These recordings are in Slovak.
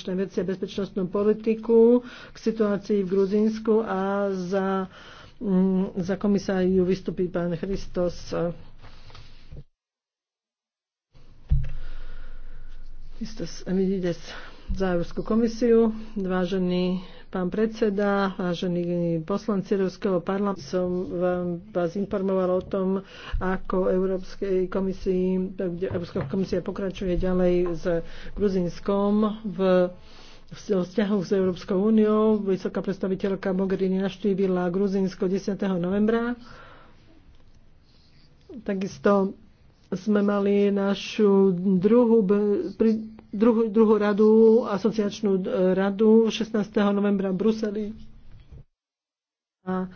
zahraničné veci a bezpečnostnú politiku k situácii v Gruzínsku a za, mm, za komisáriu vystupí pán Christos. Christos Emidides za Európsku komisiu. Vážený Pán predseda, vážení poslanci Európskeho parlamentu, som vám, vás informoval o tom, ako Európskej komisii, Európska komisia pokračuje ďalej s Gruzinskom v vzťahoch s Európskou úniou. Vysoká predstaviteľka Mogherini navštívila Gruzinsko 10. novembra. Takisto sme mali našu druhú druhú, druhú radu, asociačnú e, radu 16. novembra v Bruseli. A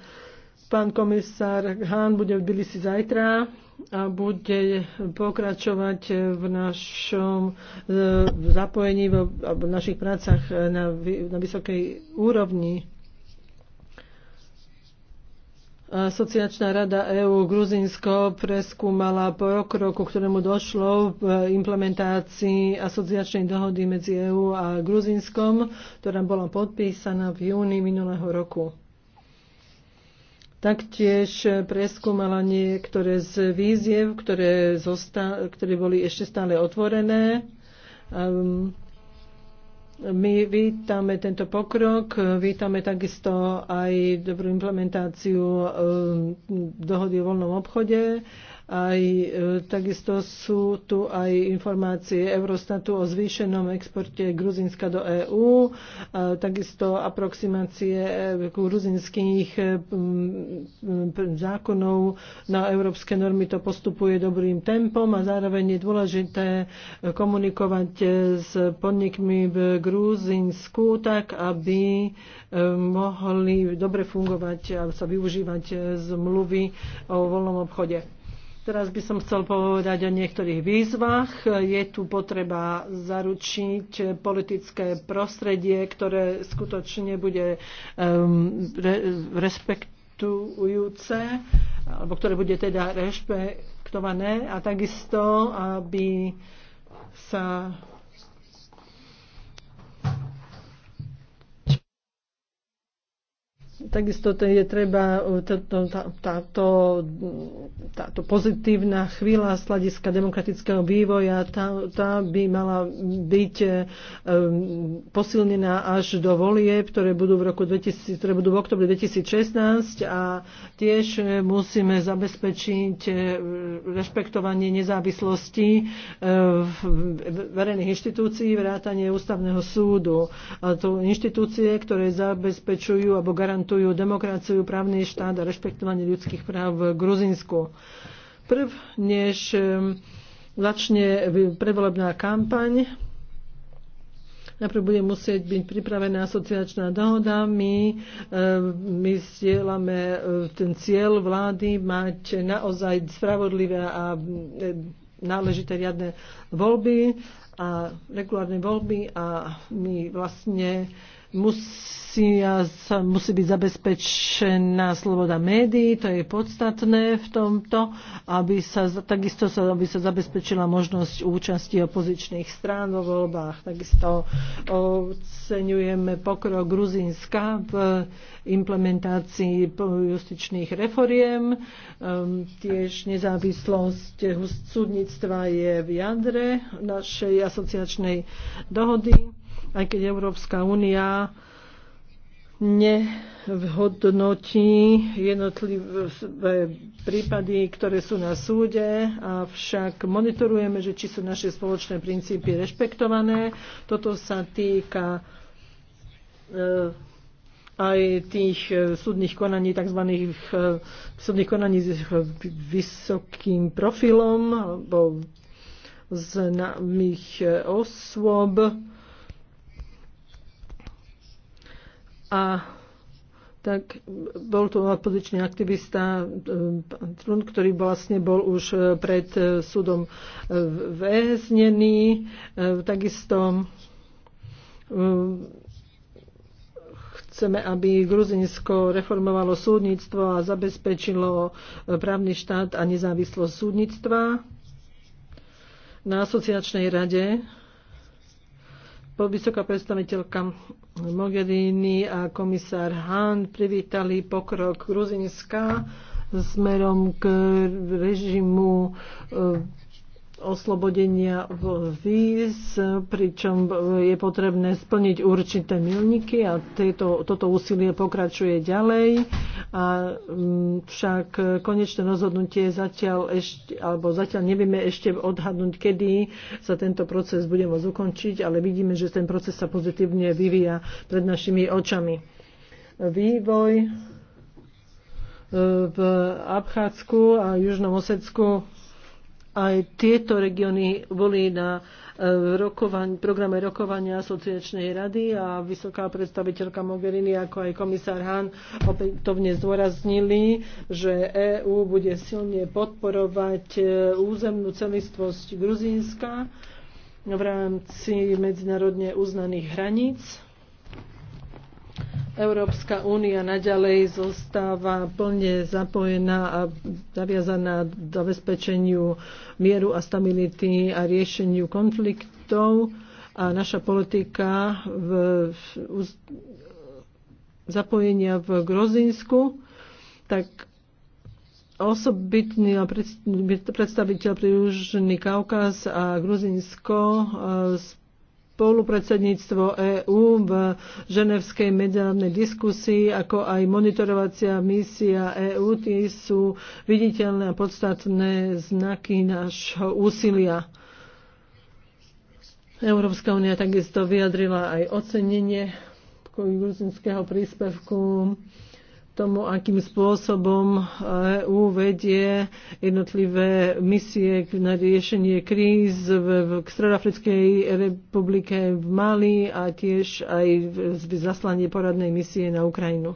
pán komisár Hahn bude v Bilisi zajtra a bude pokračovať v našom e, zapojení, v našich prácach na, na vysokej úrovni. Asociačná rada EÚ Gruzinsko preskúmala po okroku, ktorému došlo v implementácii asociačnej dohody medzi EÚ a Gruzinskom, ktorá bola podpísaná v júni minulého roku. Taktiež preskúmala niektoré z víziev, ktoré, zosta- ktoré boli ešte stále otvorené. Um, my vítame tento pokrok, vítame takisto aj dobrú implementáciu eh, dohody o voľnom obchode aj, e, takisto sú tu aj informácie Eurostatu o zvýšenom exporte Gruzinska do EÚ, takisto aproximácie e, gruzinských e, zákonov na európske normy to postupuje dobrým tempom a zároveň je dôležité komunikovať s podnikmi v Gruzinsku tak, aby mohli dobre fungovať a sa využívať zmluvy o voľnom obchode. Teraz by som chcel povedať o niektorých výzvach. Je tu potreba zaručiť politické prostredie, ktoré skutočne bude um, re, respektujúce, alebo ktoré bude teda rešpektované a takisto, aby sa Takisto je treba táto, táto, táto pozitívna chvíľa z hľadiska demokratického vývoja, tá, tá by mala byť um, posilnená až do volie, ktoré budú v roku 2000, ktoré budú v oktobri 2016 a tiež e, musíme zabezpečiť e, rešpektovanie nezávislosti verejných inštitúcií, vrátanie ústavného súdu. A to inštitúcie, ktoré zabezpečujú alebo garantujú garantujú demokraciu, právny štát a rešpektovanie ľudských práv v Gruzinsku. Prv, než začne prevolebná kampaň, Najprv bude musieť byť pripravená asociačná dohoda. My, my stielame ten cieľ vlády mať naozaj spravodlivé a náležité riadne voľby a regulárne voľby a my vlastne musia, sa, musí byť zabezpečená sloboda médií, to je podstatné v tomto, aby sa, takisto sa, aby sa zabezpečila možnosť účasti opozičných strán vo voľbách. Takisto oceňujeme pokrok Gruzínska v implementácii justičných reforiem. Ehm, tiež nezávislosť súdnictva je v jadre našej asociačnej dohody aj keď Európska únia nevhodnotí jednotlivé prípady, ktoré sú na súde, avšak monitorujeme, že či sú naše spoločné princípy rešpektované. Toto sa týka eh, aj tých eh, súdnych konaní, tzv. Eh, súdnych konaní s vysokým profilom alebo známych osôb a tak bol to opozičný aktivista e, Trun, ktorý vlastne bol už e, pred e, súdom väznený. Takisto chceme, aby Gruzinsko reformovalo súdnictvo a zabezpečilo právny štát a nezávislosť súdnictva. Na asociačnej rade po vysoká predstaviteľka Mogherini a komisár Hahn privítali pokrok Gruzinska smerom k režimu e, oslobodenia víz, pričom je potrebné splniť určité milníky a tieto, toto úsilie pokračuje ďalej. A mm, však konečné rozhodnutie zatiaľ ešte, alebo zatiaľ nevieme ešte odhadnúť, kedy sa tento proces bude môcť ukončiť, ale vidíme, že ten proces sa pozitívne vyvíja pred našimi očami. Vývoj e, v Abchádsku a Južnom Osecku aj tieto regióny boli na e, rokovaň, programe rokovania asociačnej rady a vysoká predstaviteľka Mogherini ako aj komisár Hahn opätovne zdôraznili, že EÚ bude silne podporovať e, územnú celistvosť Gruzínska v rámci medzinárodne uznaných hraníc Európska únia naďalej zostáva plne zapojená a zaviazaná do zabezpečeniu mieru a stability a riešeniu konfliktov a naša politika v, v zapojenia v Grozinsku, tak osobitný predstaviteľ pri Južný Kaukaz a Gruzinsko e, spolupredsedníctvo EÚ v ženevskej medzinárodnej diskusii, ako aj monitorovacia misia EÚ, tie sú viditeľné a podstatné znaky nášho úsilia. Európska únia takisto vyjadrila aj ocenenie gruzinského príspevku tomu, akým spôsobom EU eh, e vedie jednotlivé misie na riešenie kríz v, v Stredoafrickej republike v Mali a tiež aj v zaslanie poradnej misie na Ukrajinu.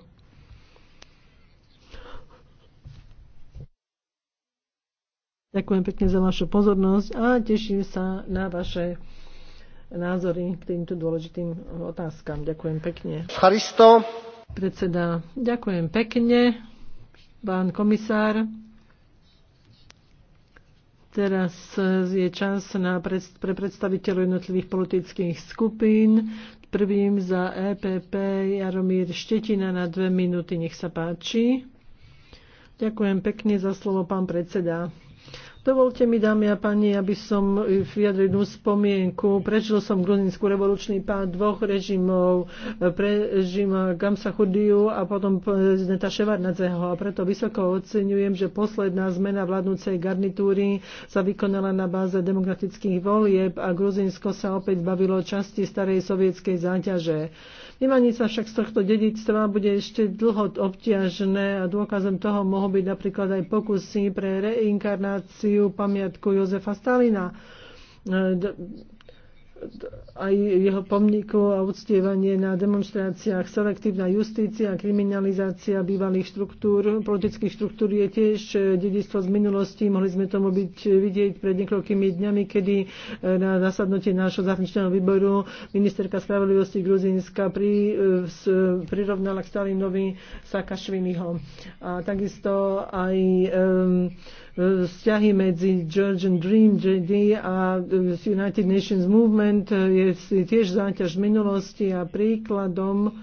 Ďakujem pekne za vašu pozornosť a teším sa na vaše názory k týmto dôležitým otázkam. Ďakujem pekne. Charisto. Predseda, ďakujem pekne. Pán komisár, Teraz je čas na pred, pre predstaviteľov jednotlivých politických skupín. Prvým za EPP Jaromír Štetina na dve minúty. Nech sa páči. Ďakujem pekne za slovo, pán predseda. Dovolte mi, dámy a páni, aby som vyjadril jednu spomienku. Prežil som gruzinskú revolučný pád dvoch režimov, prežim Gamsa Chudiu a potom prezidenta Ševarnadzeho. A preto vysoko oceňujem, že posledná zmena vládnúcej garnitúry sa vykonala na báze demokratických volieb a Gruzinsko sa opäť bavilo časti starej sovietskej záťaže. Vymaniť sa však z tohto dedictva bude ešte dlho obťažné a dôkazom toho mohol byť napríklad aj pokusy pre reinkarnáciu pamiatku Jozefa Stalina e, aj jeho pomníku a uctievanie na demonstráciách, selektívna justícia a kriminalizácia bývalých štruktúr, politických štruktúr je tiež e, dedictvo z minulosti. Mohli sme tomu byť e, vidieť pred niekoľkými dňami, kedy e, na zasadnutie nášho zahraničného výboru ministerka spravodlivosti Gruzínska pri, prirovnala k Stalinovi Sakašviniho. A takisto aj um, vzťahy medzi Georgian Dream JD a United Nations Movement eh, je tiež záťaž minulosti a príkladom.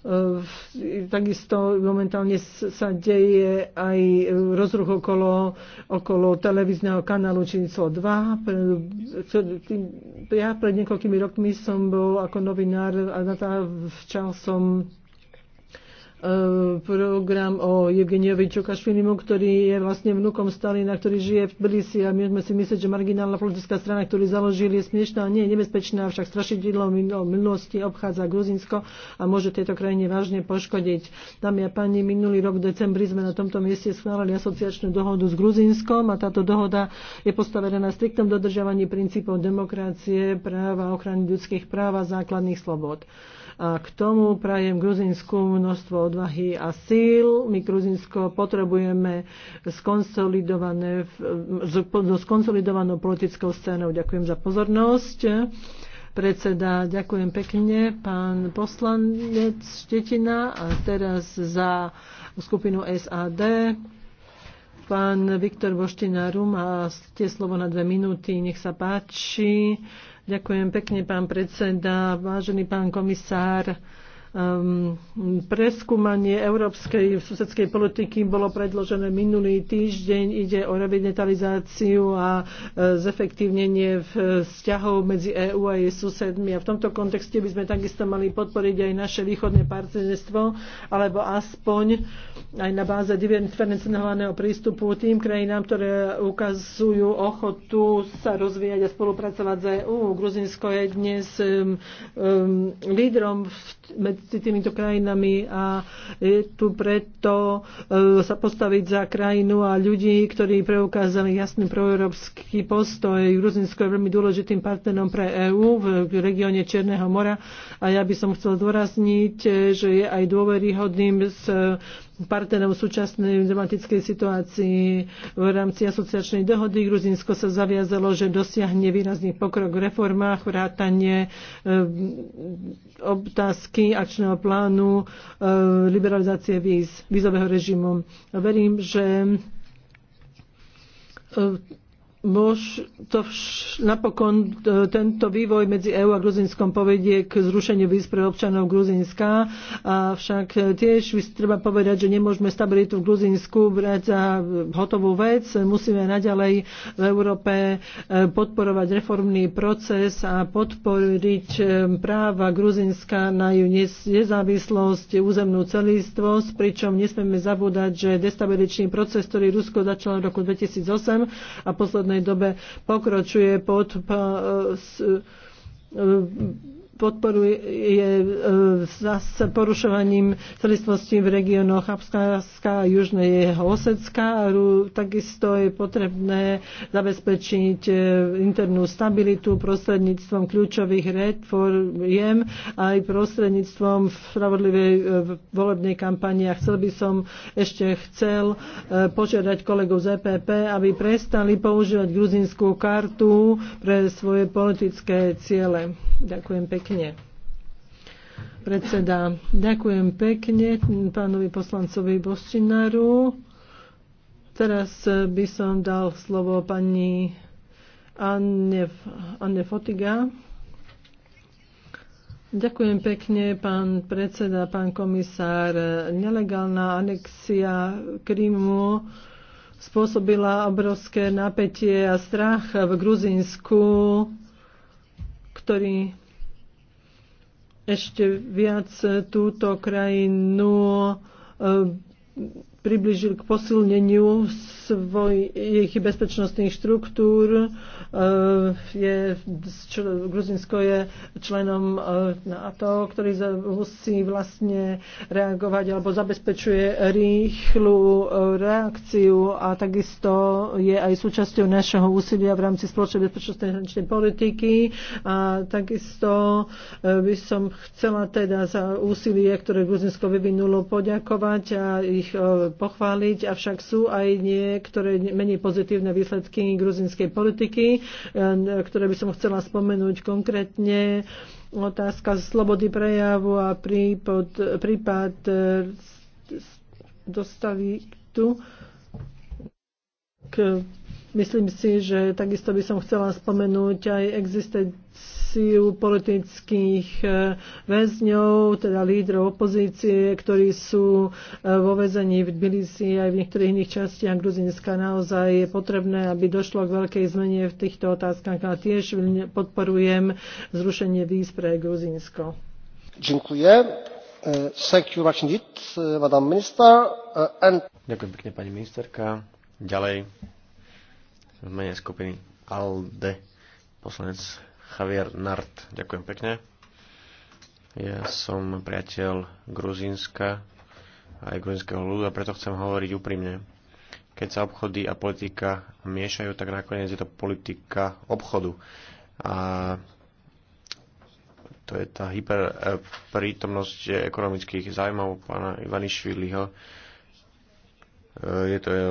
Eh, takisto momentálne sa deje aj rozruch okolo, okolo televízneho kanálu číslo 2. Ja pred niekoľkými rokmi som bol ako novinár a na časom Ehm, program o Evgeniovi Čokašvinimu, ktorý je vlastne vnukom Stalina, ktorý žije v Tbilisi a my sme si mysleť, že marginálna politická strana, ktorú založili, je smiešná, nie je nebezpečná, však strašidlo minulosti obchádza Gruzinsko a môže tejto krajine vážne poškodiť. Dámy a páni, minulý rok v decembri sme na tomto mieste schválili asociačnú dohodu s Gruzinskom a táto dohoda je postavená na striktnom dodržiavaní princípov demokracie, práva, ochrany ľudských práv a základných slobod. A k tomu prajem Gruzinsku množstvo odvahy a síl. My Gruzinsko potrebujeme skonsolidované, skonsolidovanou politickou scénou. Ďakujem za pozornosť. Predseda, ďakujem pekne, pán poslanec Štetina a teraz za skupinu SAD. Pán Viktor Boštinaru a ste slovo na dve minúty. Nech sa páči. Ďakujem pekne, pán predseda, vážený pán komisár. Um, preskúmanie európskej susedskej politiky bolo predložené minulý týždeň. Ide o revitalizáciu a e, zefektívnenie e, vzťahov medzi EÚ a jej susedmi. A v tomto kontexte by sme takisto mali podporiť aj naše východné partnerstvo, alebo aspoň aj na báze diferencovaného prístupu tým krajinám, ktoré ukazujú ochotu sa rozvíjať a spolupracovať s EÚ. Gruzinsko je dnes um, um, lídrom v, med, medzi týmito krajinami a je tu preto e, sa postaviť za krajinu a ľudí, ktorí preukázali jasný proeurópsky postoj. Gruzinsko je veľmi dôležitým partnerom pre EÚ v regióne Černého mora a ja by som chcel zdôrazniť, e, že je aj dôveryhodným s partnerom v súčasnej dramatickej situácii. V rámci asociačnej dohody Gruzinsko sa zaviazalo, že dosiahne výrazný pokrok v reformách, vrátanie eh, otázky akčného plánu eh, liberalizácie víz, vízového režimu. Verím, že eh, Mož, to vš, napokon e, tento vývoj medzi EÚ a Gruzinskom povedie k zrušeniu výz pre občanov Gruzinska, avšak e, tiež treba povedať, že nemôžeme stabilitu v Gruzinsku brať za hotovú vec. Musíme naďalej v Európe e, podporovať reformný proces a podporiť práva Gruzinska na ju nezávislosť, územnú celistvosť, pričom nesmieme zabúdať, že destabiličný proces, ktorý Rusko začalo v roku 2008 a posledné poslednej dobe pokročuje pod s, podporuje e, s porušovaním celistvosti v regiónoch Abskárska a Južného Osecka. Takisto je potrebné zabezpečiť e, internú stabilitu prostredníctvom kľúčových reforiem aj prostredníctvom spravodlivej e, volebnej kampane. A chcel by som ešte chcel požiadať kolegov z EPP, aby prestali používať gruzinskú kartu pre svoje politické ciele. Ďakujem pekne pekne. Predseda, ďakujem pekne pánovi poslancovi Boštinaru. Teraz by som dal slovo pani Anne, Anne Fotiga. Ďakujem pekne, pán predseda, pán komisár. Nelegálna anexia Krymu spôsobila obrovské napätie a strach v Gruzínsku, ktorý ešte viac túto krajinu eh, priblížil k posilneniu svojich bezpečnostných štruktúr. Eh, je, Gruzinsko je členom eh, NATO, ktorý musí vlastne reagovať alebo zabezpečuje rýchlu eh, reakciu a takisto je aj súčasťou našeho úsilia v rámci spoločnej bezpečnostnej hraničnej politiky a takisto by som chcela teda za úsilie, ktoré Gruzinsko vyvinulo, poďakovať a ich pochváliť, avšak sú aj niektoré menej pozitívne výsledky gruzinskej politiky, e, ktoré by som chcela spomenúť konkrétne. Otázka slobody prejavu a prípad, prípad e, dostavy tu k Myslím si, že takisto by som chcela spomenúť aj existenciu politických e, väzňov, teda lídrov opozície, ktorí sú e, vo väzení v Tbilisi aj v niektorých iných častiach Gruzinska. Naozaj je potrebné, aby došlo k veľkej zmene v týchto otázkach a tiež podporujem zrušenie víz pre Gruzinsko. Ďakujem. E, Ďakujem pekne, pani ministerka. Ďalej v mene skupiny ALDE poslanec Javier Nart. Ďakujem pekne. Ja som priateľ Gruzínska aj gruzínskeho ľudu a preto chcem hovoriť úprimne. Keď sa obchody a politika miešajú, tak nakoniec je to politika obchodu. A to je tá hyperprítomnosť ekonomických zájmov pána Ivanišviliho, Eh, je to eh,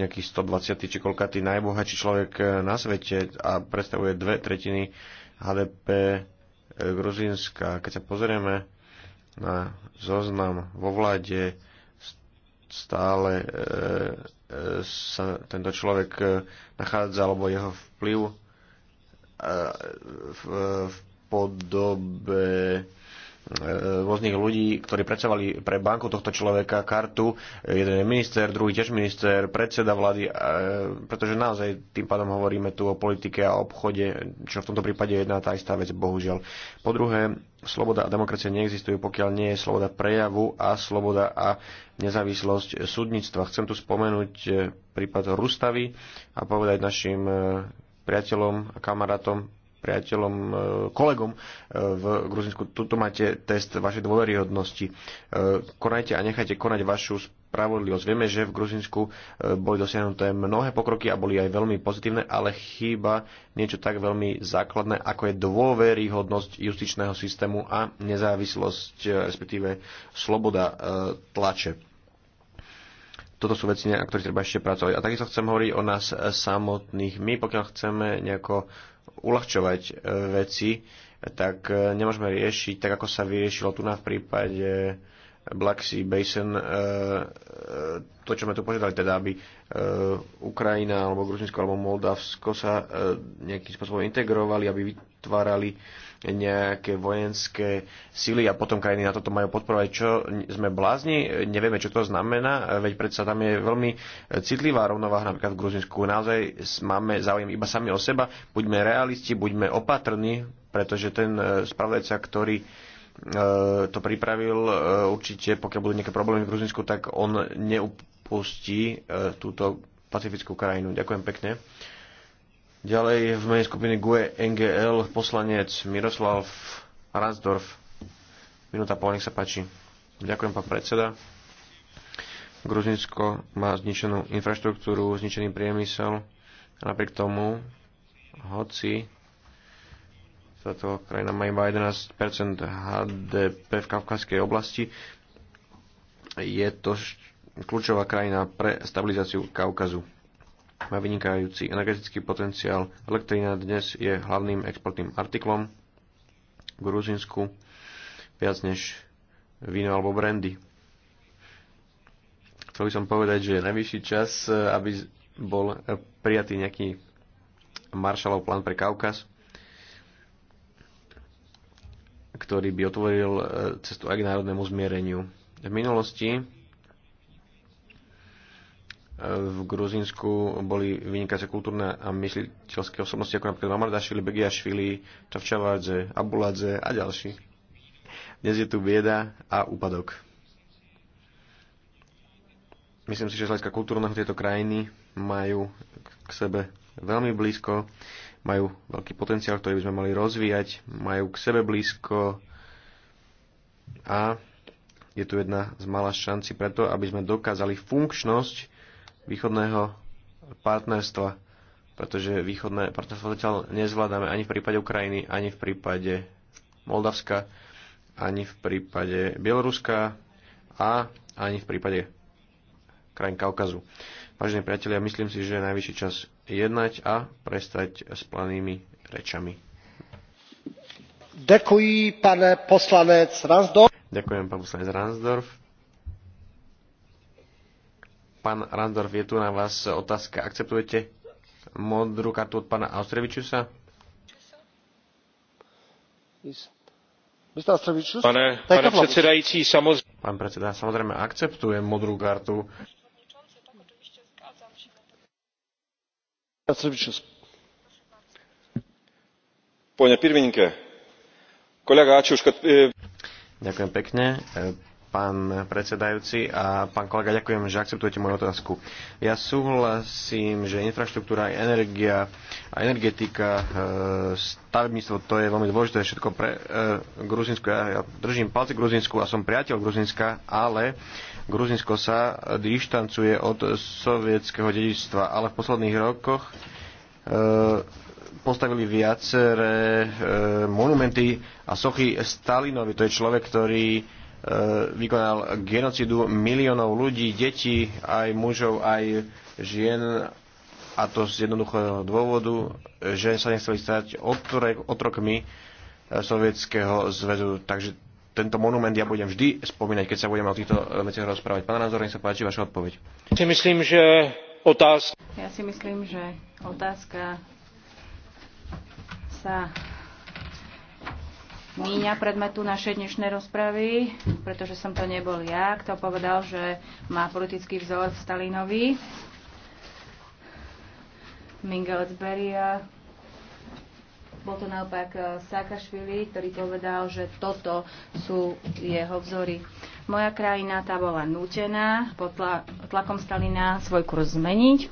nejaký 120. či koľkatý najbohatší človek eh, na svete a predstavuje dve tretiny HDP Gruzínska. Keď sa pozrieme na zoznam vo vláde, stále sa tento človek nachádza, alebo jeho vplyv v podobe E, rôznych ľudí, ktorí pracovali pre banku tohto človeka kartu. Jeden je minister, druhý tiež minister, predseda vlády, e, pretože naozaj tým pádom hovoríme tu o politike a obchode, čo v tomto prípade je jedna tá istá vec, bohužiaľ. Po druhé, sloboda a demokracia neexistujú, pokiaľ nie je sloboda prejavu a sloboda a nezávislosť súdnictva. Chcem tu spomenúť e, prípad Rustavy a povedať našim priateľom a kamarátom, priateľom, e, kolegom e, v Gruzinsku. Tuto máte test vašej dôveryhodnosti. E, konajte a nechajte konať vašu spravodlivosť. Vieme, že v Gruzinsku boli dosiahnuté mnohé pokroky a boli aj veľmi pozitívne, ale chýba niečo tak veľmi základné, ako je dôveryhodnosť justičného systému a nezávislosť, respektíve sloboda tlače toto sú veci, na ktorých treba ešte pracovať. A takisto chcem hovoriť o nás samotných. My, pokiaľ chceme nejako uľahčovať e, veci, tak e, nemôžeme riešiť, tak ako sa vyriešilo tu na v prípade Black Sea Basin, e, to, čo sme tu požiadali, teda aby Ukrajina alebo Gruzinsko alebo Moldavsko sa nejakým spôsobom integrovali, aby vytvárali nejaké vojenské sily a potom krajiny na toto majú podporovať. Čo sme blázni, nevieme, čo to znamená, veď predsa tam je veľmi citlivá rovnováha napríklad v Gruzinsku. Naozaj máme záujem iba sami o seba, buďme realisti, buďme opatrní, pretože ten e, spravodajca, ktorý e, to pripravil, e, určite pokiaľ budú nejaké problémy v Gruzinsku, tak on neupustí túto pacifickú krajinu. Ďakujem pekne. Ďalej v menej skupiny GUE NGL poslanec Miroslav Ransdorf. Minúta pol, nech sa páči. Ďakujem, pán predseda. Gruzinsko má zničenú infraštruktúru, zničený priemysel. Napriek tomu, hoci táto krajina má iba 11 HDP v kavkazskej oblasti, je to kľúčová krajina pre stabilizáciu Kaukazu má vynikajúci energetický potenciál. Elektrina dnes je hlavným exportným artiklom v Gruzinsku, viac než víno alebo brandy. Chcel by som povedať, že je najvyšší čas, e, aby bol e, prijatý nejaký Marshallov plán pre Kaukaz, ktorý by otvoril e, cestu aj k národnému zmiereniu. V minulosti v Gruzínsku boli vynikajúce kultúrne a mysliteľské osobnosti, ako napríklad Mamardašvili, Begiašvili, Čavčavádze, Abuladze a ďalší. Dnes je tu bieda a úpadok. Myslím si, že z hľadiska kultúrneho tieto krajiny majú k sebe veľmi blízko, majú veľký potenciál, ktorý by sme mali rozvíjať, majú k sebe blízko a je tu jedna z malá šanci preto, aby sme dokázali funkčnosť východného partnerstva, pretože východné partnerstvo zatiaľ nezvládame ani v prípade Ukrajiny, ani v prípade Moldavska, ani v prípade Bieloruska a ani v prípade krajín Kaukazu. Vážení priatelia, myslím si, že je najvyšší čas jednať a prestať s planými rečami. Ďakujem, pán poslanec Ransdorf. Pán Randorf, je tu na vás otázka. Akceptujete modrú kartu od pána Austrevičusa? Pane, pane predsedajúci, samozrejme... Pán predseda, samozrejme akceptujem modrú kartu. Pone pirmininke, kolega Ačiuš, e- Ďakujem pekne pán predsedajúci a pán kolega, ďakujem, že akceptujete moju otázku. Ja súhlasím, že infraštruktúra, energia a energetika, e, stavebníctvo, to je veľmi dôležité všetko pre e, Gruzinsko. Ja, ja držím palce Gruzinsku a som priateľ Gruzinska, ale Gruzinsko sa dištancuje od sovietského dedičstva, ale v posledných rokoch e, postavili viaceré e, monumenty a sochy Stalinovi. To je človek, ktorý E, vykonal genocidu miliónov ľudí, detí, aj mužov, aj žien a to z jednoduchého dôvodu, že sa nechceli stať otrokmi e, Sovietskeho zväzu. Takže tento monument ja budem vždy spomínať, keď sa budeme o týchto veciach rozprávať. Pán Názor, nech sa páči vaša odpoveď. Ja si myslím, že otázka... Ja si myslím, že otázka sa míňa predmetu našej dnešnej rozpravy, pretože som to nebol ja, kto povedal, že má politický vzor Stalinovi. Mingelec Beria. Bol to naopak eh, Sakašvili, ktorý povedal, že toto sú jeho vzory. Moja krajina tá bola nútená pod tlakom Stalina svoj kurz zmeniť.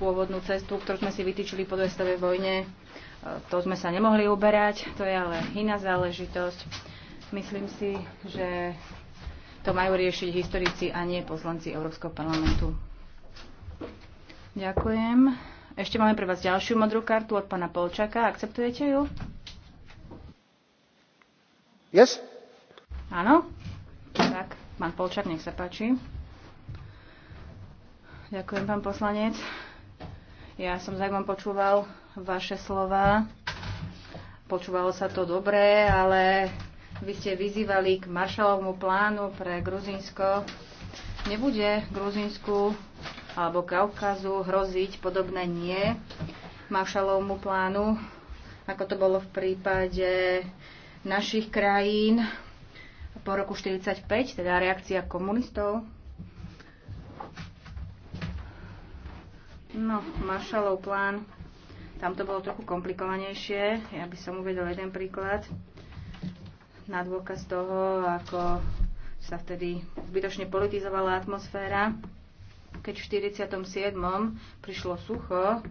Pôvodnú cestu, ktorú sme si vytýčili po dvestovej vojne, to sme sa nemohli uberať, to je ale iná záležitosť. Myslím si, že to majú riešiť historici a nie poslanci Európskeho parlamentu. Ďakujem. Ešte máme pre vás ďalšiu modrú kartu od pána Polčaka. Akceptujete ju? Yes? Áno? Tak, pán Polčak, nech sa páči. Ďakujem, pán poslanec. Ja som zaujímavom počúval vaše slova. Počúvalo sa to dobre, ale vy ste vyzývali k maršalovmu plánu pre Gruzinsko. Nebude Gruzínsku alebo Kaukazu hroziť podobné nie maršalovmu plánu, ako to bolo v prípade našich krajín po roku 1945, teda reakcia komunistov. No, maršalov plán tam to bolo trochu komplikovanejšie. Ja by som uvedol jeden príklad na dôkaz toho, ako sa vtedy zbytočne politizovala atmosféra. Keď v 47. prišlo sucho,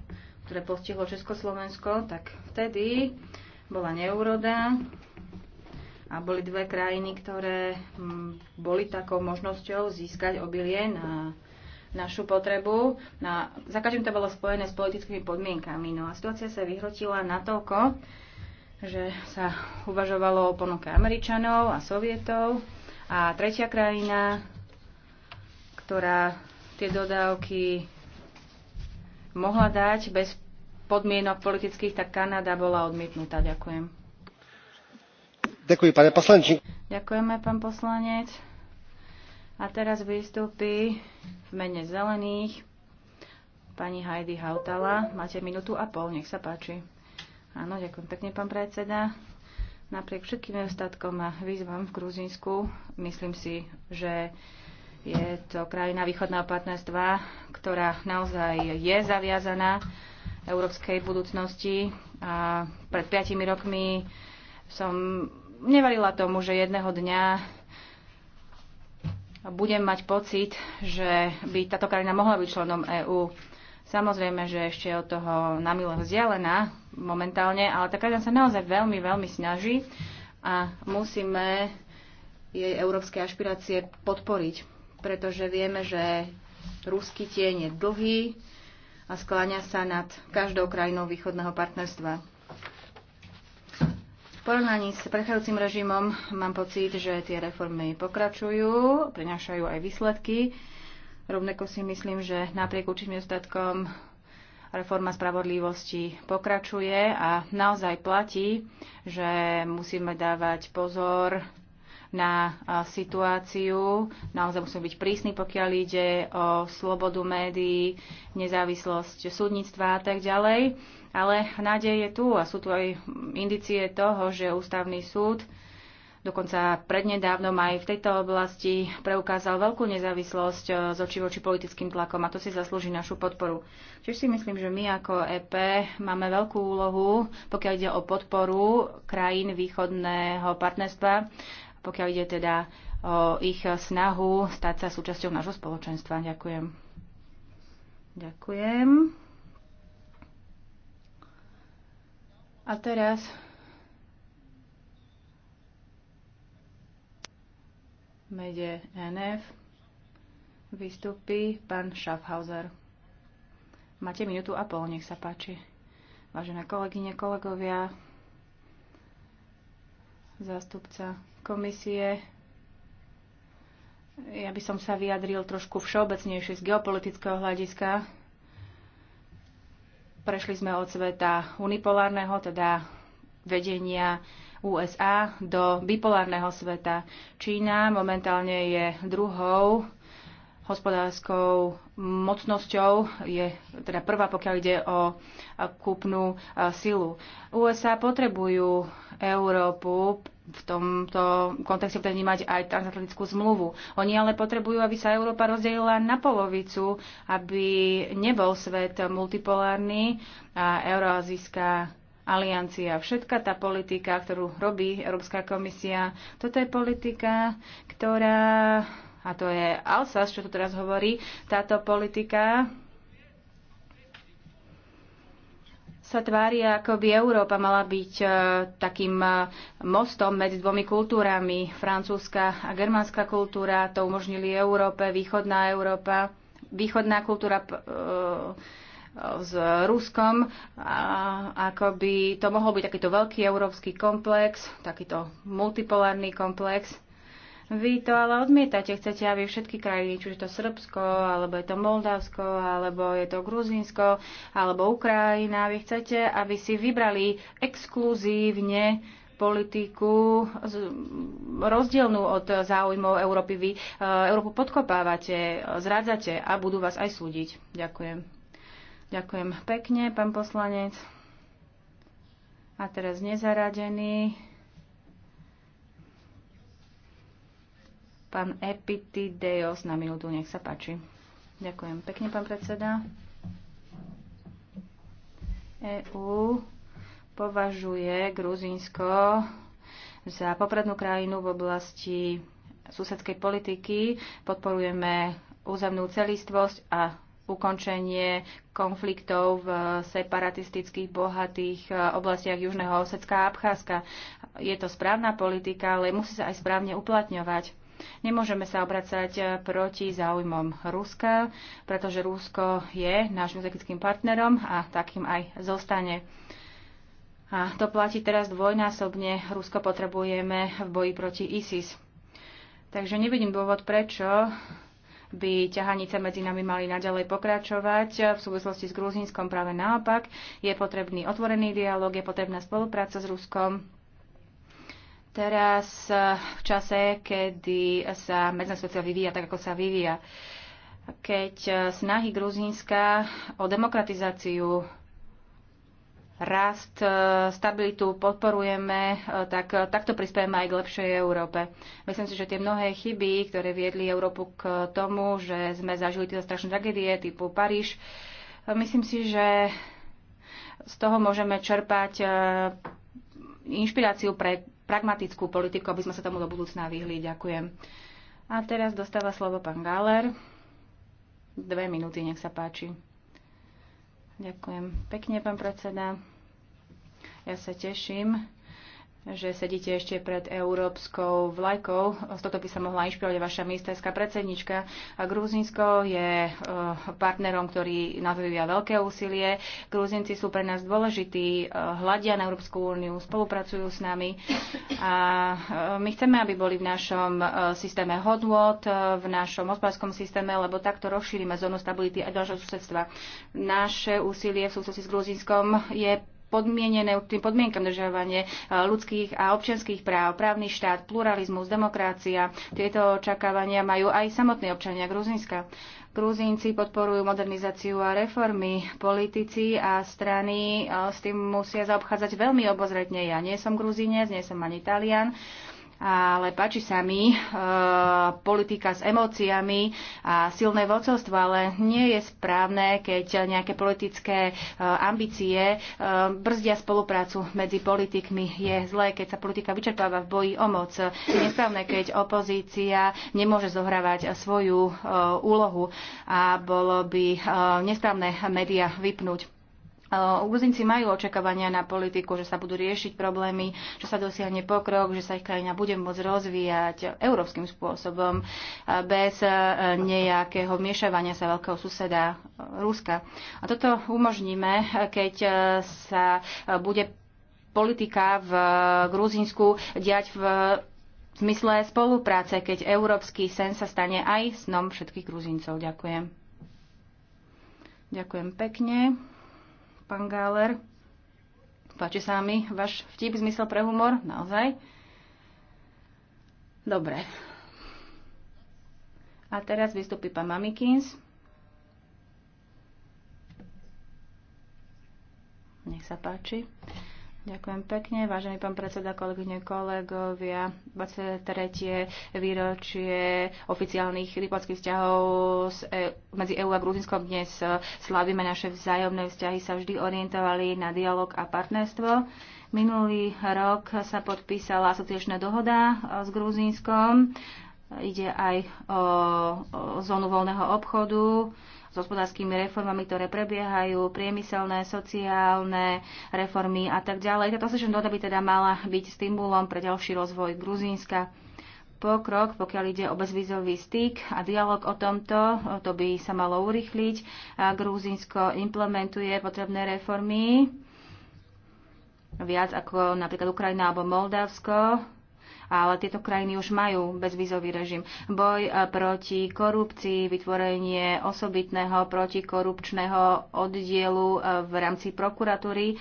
ktoré postihlo Československo, tak vtedy bola neúroda, a boli dve krajiny, ktoré mm, boli takou možnosťou získať obilie na našu potrebu. Na, za každým to bolo spojené s politickými podmienkami. No a situácia sa vyhrotila natoľko, že sa uvažovalo o ponuke Američanov a Sovietov. A tretia krajina, ktorá tie dodávky mohla dať bez podmienok politických, tak Kanada bola odmietnutá. Ďakujem. Ďakujem, pane poslanec. Ďakujeme, pán poslanec. A teraz vystúpi v mene zelených pani Heidi Hautala. Máte minútu a pol, nech sa páči. Áno, ďakujem pekne, pán predseda. Napriek všetkým nedostatkom a výzvam v Gruzínsku, myslím si, že je to krajina východného partnerstva, ktorá naozaj je zaviazaná európskej budúcnosti. A pred piatimi rokmi som nevarila tomu, že jedného dňa budem mať pocit, že by táto krajina mohla byť členom EÚ. Samozrejme, že ešte od toho na namilo vzdialená momentálne, ale tá krajina sa naozaj veľmi, veľmi snaží a musíme jej európske ašpirácie podporiť, pretože vieme, že ruský tieň je dlhý a skláňa sa nad každou krajinou východného partnerstva porovnaní s prechádzajúcim režimom mám pocit, že tie reformy pokračujú, prinášajú aj výsledky. Rovnako si myslím, že napriek určitým ostatkom reforma spravodlivosti pokračuje a naozaj platí, že musíme dávať pozor na situáciu. Naozaj musíme byť prísni, pokiaľ ide o slobodu médií, nezávislosť súdnictva a tak ďalej. Ale nádej je tu a sú tu aj indicie toho, že ústavný súd dokonca prednedávnom aj v tejto oblasti preukázal veľkú nezávislosť e, z očí voči politickým tlakom a to si zaslúži našu podporu. Čiže si myslím, že my ako EP máme veľkú úlohu, pokiaľ ide o podporu krajín východného partnerstva pokiaľ ide teda o ich snahu stať sa súčasťou nášho spoločenstva. Ďakujem. Ďakujem. A teraz mede NF vystúpi pán Schaffhauser. Máte minútu a pol, nech sa páči. Vážené kolegyne, kolegovia, zástupca komisie. Ja by som sa vyjadril trošku všeobecnejšie z geopolitického hľadiska. Prešli sme od sveta unipolárneho, teda vedenia USA do bipolárneho sveta. Čína momentálne je druhou hospodárskou mocnosťou, je teda prvá, pokiaľ ide o kúpnu silu. USA potrebujú Európu v tomto kontexte vnímať aj transatlantickú zmluvu. Oni ale potrebujú, aby sa Európa rozdelila na polovicu, aby nebol svet multipolárny a euroazijská aliancia. Všetka tá politika, ktorú robí Európska komisia, toto je politika, ktorá, a to je Alsas, čo tu teraz hovorí, táto politika sa tvári, ako by Európa mala byť e, takým e, mostom medzi dvomi kultúrami. Francúzska a germánska kultúra to umožnili Európe, východná Európa, východná kultúra e, s Ruskom, a ako by to mohol byť takýto veľký európsky komplex, takýto multipolárny komplex. Vy to ale odmietate. Chcete, aby všetky krajiny, či je to Srbsko, alebo je to Moldavsko, alebo je to Gruzínsko, alebo Ukrajina, vy chcete, aby si vybrali exkluzívne politiku rozdielnú od záujmov Európy. Vy e, Európu podkopávate, zrádzate a budú vás aj súdiť. Ďakujem. Ďakujem pekne, pán poslanec. A teraz nezaradený. Pán Epitideos na minútu, nech sa páči. Ďakujem pekne, pán predseda. EÚ považuje Gruzínsko za poprednú krajinu v oblasti susedskej politiky. Podporujeme územnú celistvosť a ukončenie konfliktov v separatistických bohatých e, oblastiach Južného Osecka a Abcházska. Je to správna politika, ale musí sa aj správne uplatňovať. Nemôžeme sa obracať eh, proti záujmom Ruska, pretože Rusko je náš strategickým partnerom a takým aj zostane. A to platí teraz dvojnásobne. Rusko potrebujeme v boji proti ISIS. Takže nevidím dôvod, prečo by ťahanice medzi nami mali naďalej pokračovať. V súvislosti s Gruzínskom práve naopak je potrebný otvorený dialog, je potrebná spolupráca s Ruskom teraz eh, v čase, kedy sa medzná vyvíja tak, ako sa vyvíja. Keď eh, snahy Gruzínska o demokratizáciu rast, eh, stabilitu podporujeme, tak takto prispieme aj k lepšej Európe. Myslím si, že tie mnohé chyby, ktoré viedli Európu k tomu, že sme zažili tieto strašné tragédie typu Paríž, myslím si, že z toho môžeme čerpať inšpiráciu pre pragmatickú politiku, aby sme sa tomu do budúcna vyhli. Ďakujem. A teraz dostáva slovo pán Galer. Dve minúty, nech sa páči. Ďakujem pekne, pán predseda. Ja sa teším, že sedíte ešte pred európskou vlajkou. Z toto by sa mohla inšpirovať vaša ministerská predsednička. Gruzinsko je e, partnerom, ktorý na to vyvíja veľké úsilie. Gruzinci sú pre nás dôležití, e, hľadia na Európsku úniu, spolupracujú s nami. A e, my chceme, aby boli v našom systéme hodnot, v našom hospodárskom systéme, lebo takto rozšírime zónu stability a ďalšieho susedstva. Naše úsilie v súvislosti s Gruzinskom je podmienené tým podmienkam držovanie e, ľudských a občianských práv, právny štát, pluralizmus, demokracia. Tieto očakávania majú aj samotní občania Gruzinska. Gruzínci podporujú modernizáciu a reformy. Politici a strany e, s tým musia zaobchádzať veľmi obozretne. Ja nie som Gruzínec, nie som ani Talian ale páči sa mi e, politika s emóciami a silné vocovstvo, ale nie je správne, keď nejaké politické e, ambície e, brzdia spoluprácu medzi politikmi. Je zlé, keď sa politika vyčerpáva v boji o moc. Je nesprávne, keď opozícia nemôže zohrávať svoju e, úlohu a bolo by e, nesprávne médiá vypnúť. Eh, Úzinci majú očakávania na politiku, že sa budú riešiť problémy, že sa dosiahne pokrok, že sa ich krajina bude môcť rozvíjať európskym spôsobom eh, bez eh, nejakého miešavania sa veľkého suseda Ruska. A toto umožníme, keď sa bude politika v Gruzínsku diať v v zmysle spolupráce, keď európsky sen sa stane aj snom všetkých Gruzíncov. Ďakujem. Ďakujem pekne pán Gáler. Páči sa mi váš vtip, zmysel pre humor? Naozaj? Dobre. A teraz vystupí pán Mamikins. Nech sa páči. Ďakujem pekne, vážený pán predseda, kolegyne, kolegovia. 23. výročie oficiálnych diplomatických vzťahov e medzi EÚ a Gruzinskom dnes slavíme. Naše vzájomné vzťahy sa vždy orientovali na dialog a partnerstvo. Minulý rok sa podpísala asociačná dohoda e, s Gruzínskom. Ide aj o zónu voľného obchodu s hospodárskymi reformami, ktoré prebiehajú, priemyselné, sociálne reformy a tak ďalej. Táto asociačná dohoda by teda mala byť stimulom pre ďalší rozvoj Gruzínska pokrok, pokiaľ ide o bezvízový styk a dialog o tomto, to by sa malo urychliť. Gruzínsko implementuje potrebné reformy viac ako napríklad Ukrajina alebo Moldavsko ale tieto krajiny už majú bezvízový režim. Boj e, proti korupcii, vytvorenie osobitného protikorupčného oddielu e, v rámci prokuratúry, e,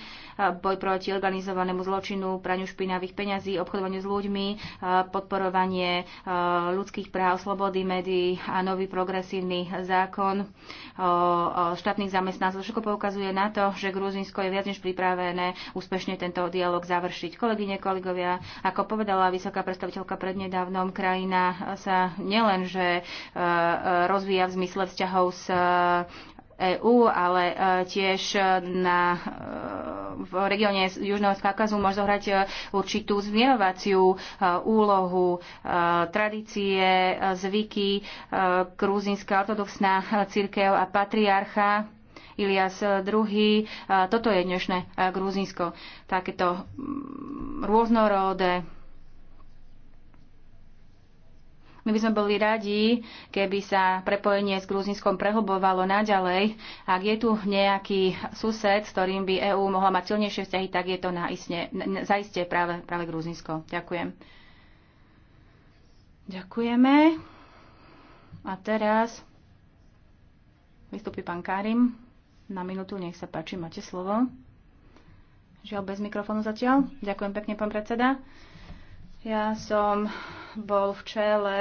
boj proti organizovanému zločinu, praniu špinavých peňazí, obchodovaniu s ľuďmi, podporovanie ľudských práv, slobody médií a nový progresívny zákon o štátnych zamestnancov. Všetko poukazuje na to, že Gruzinsko je viac než pripravené úspešne tento dialog završiť. Kolegyne, kolegovia, ako povedala vysoká predstaviteľka prednedávnom, krajina sa nielenže e, e, rozvíja v zmysle vzťahov s EÚ, e ale tiež na, v regióne Južného Kakazu môže zohrať určitú zmierovaciu úlohu tradície, zvyky, krúzinská ortodoxná církev a patriarcha Ilias II. Toto je dnešné Grúzinsko. Takéto rôznorodé my by sme boli radi, keby sa prepojenie s Gruzinskom prehlbovalo naďalej. Ak je tu nejaký sused, s ktorým by EÚ mohla mať silnejšie vzťahy, tak je to na, zaiste práve, práve Gruzinsko. Ďakujem. Ďakujeme. A teraz vystupí pán Karim. Na minútu, nech sa páči, máte slovo. Žiaľ, bez mikrofónu zatiaľ. Ďakujem pekne, pán predseda. Ja som bol v čele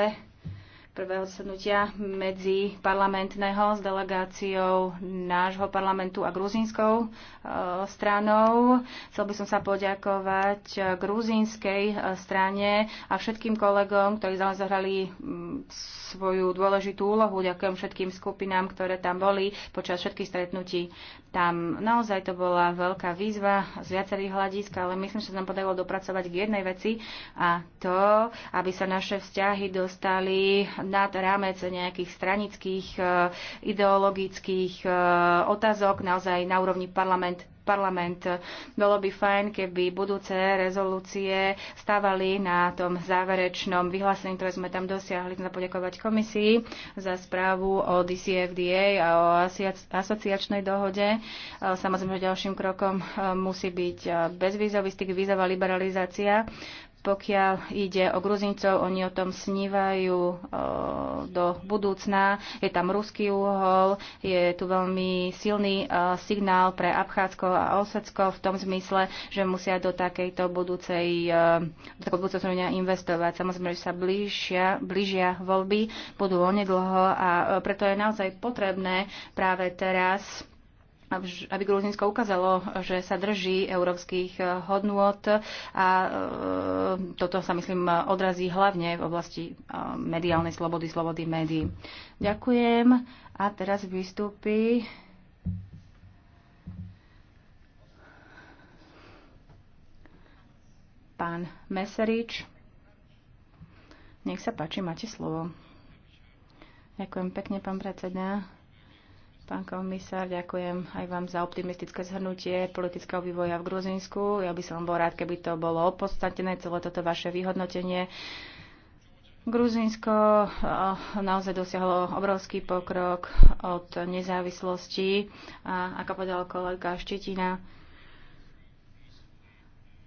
prvého sednutia medzi parlamentného s delegáciou nášho parlamentu a gruzínskou e, stranou. Chcel by som sa poďakovať e, gruzínskej e, strane a všetkým kolegom, ktorí zahrali svoju dôležitú úlohu. Ďakujem všetkým skupinám, ktoré tam boli počas všetkých stretnutí. Tam naozaj to bola veľká výzva z viacerých hľadisk, ale myslím, že sa nám podarilo dopracovať k jednej veci a to, aby sa naše vzťahy dostali e, nad rámec nejakých stranických, e, ideologických e, otázok, naozaj na úrovni parlament parlament. Bolo by fajn, keby budúce rezolúcie stávali na tom záverečnom vyhlásení, ktoré sme tam dosiahli. Chcem poďakovať komisii za správu o DCFDA a o asociačnej dohode. E, samozrejme, že ďalším krokom musí byť bezvýzový styk, vízová liberalizácia. Pokiaľ ide o Gruzincov, oni o tom snívajú do budúcna. Je tam ruský úhol, je tu veľmi silný signál pre Abchádsko a Osecko v tom zmysle, že musia do takejto budúcej, do takého budúceho investovať. Samozrejme, že sa blížia, blížia voľby, budú onedlho a preto je naozaj potrebné práve teraz aby Gruzinsko ukázalo, že sa drží európskych eh, hodnôt a eh, toto sa, myslím, odrazí hlavne v oblasti eh, mediálnej slobody, slobody médií. Ďakujem a teraz vystúpi pán Meserič. Nech sa páči, máte slovo. Ďakujem pekne, pán predseda. Pán komisár, ďakujem aj vám za optimistické zhrnutie politického vývoja v Gruzínsku. Ja by som bol rád, keby to bolo opodstatené, celé toto vaše vyhodnotenie. Gruzínsko eh, naozaj dosiahlo obrovský pokrok od nezávislosti a ako povedal kolega Štetina,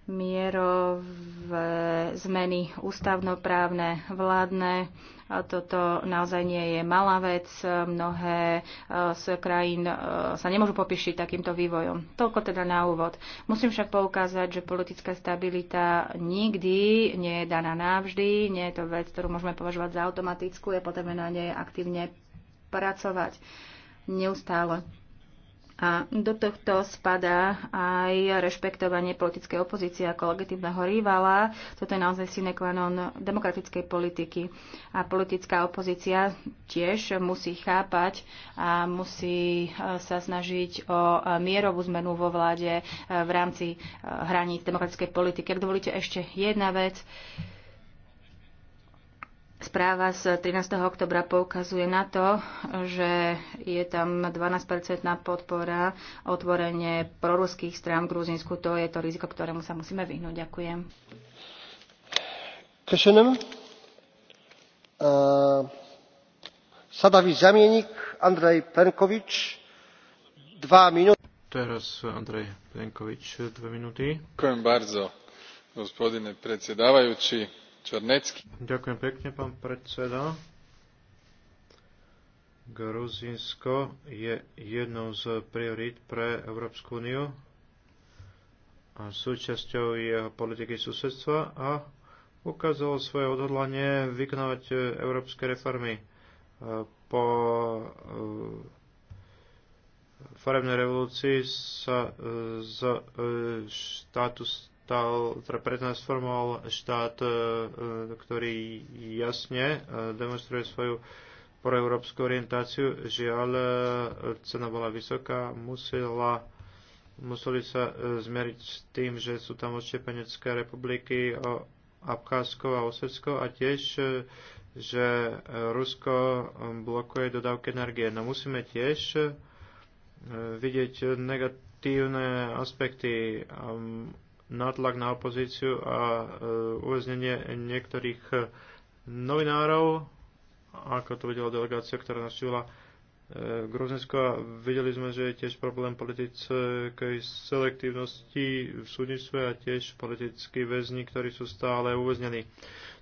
mierové zmeny ústavnoprávne, vládne, toto naozaj nie je malá vec. Mnohé eh, z krajín eh, sa nemôžu popíšiť takýmto vývojom. Toľko teda na úvod. Musím však poukázať, že politická stabilita nikdy nie je daná navždy. Nie je to vec, ktorú môžeme považovať za automatickú. Je potrebné na nej aktívne pracovať neustále. A do tohto spadá aj rešpektovanie politickej opozície ako legitimného rivala. Toto je naozaj sine qua non demokratickej politiky. A politická opozícia tiež musí chápať a musí e, sa snažiť o e, mierovú zmenu vo vláde e, v rámci hraníc demokratickej politiky. Ak dovolíte ešte jedna vec. Správa z 13. oktobra poukazuje na to, že je tam 12-percentná podpora otvorenie proruských strán v Gruzinsku. To je to riziko, ktorému sa musíme vyhnúť. Ďakujem. Köszönöm. Sadavý Zamienik, Andrej Plenkovič, Dva minúty. Teraz Andrej Plenkovič, dve minúty. Ďakujem bardzo, gospodine predsedavajući Černecký. Ďakujem pekne, pán predseda. Gruzínsko je jednou z priorít pre Európsku úniu a súčasťou jeho politiky susedstva a ukázalo svoje odhodlanie vykonávať európske reformy. Po e, farebnej revolúcii sa e, z e, štátu teda pretransformoval štát, e, e, ktorý jasne e, demonstruje svoju proeurópsku orientáciu. Žiaľ, cena bola vysoká, musela museli sa zmeriť s tým, že sú tam odštepenecké republiky Abcházsko a Osecko a tiež, že Rusko blokuje dodávky energie. No musíme tiež vidieť negatívne aspekty nátlak na opozíciu a e, uväznenie niektorých e, novinárov, ako to videla delegácia, ktorá v e, Gruzinsko a videli sme, že je tiež problém politickej selektívnosti v súdnictve a tiež politickí väzni, ktorí sú stále uväznení.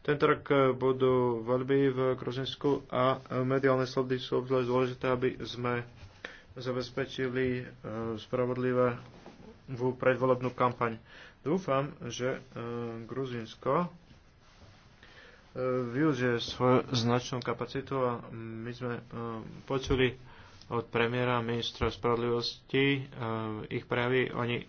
Tento rok budú voľby v Gruzinsku a mediálne slobody sú obzvlášť dôležité, aby sme zabezpečili spravodlivé predvolebnú kampaň. Dúfam, že e, Gruzinsko e, využije svoju značnú kapacitu a my sme e, počuli od premiéra ministra spravodlivosti ich prejavy. Oni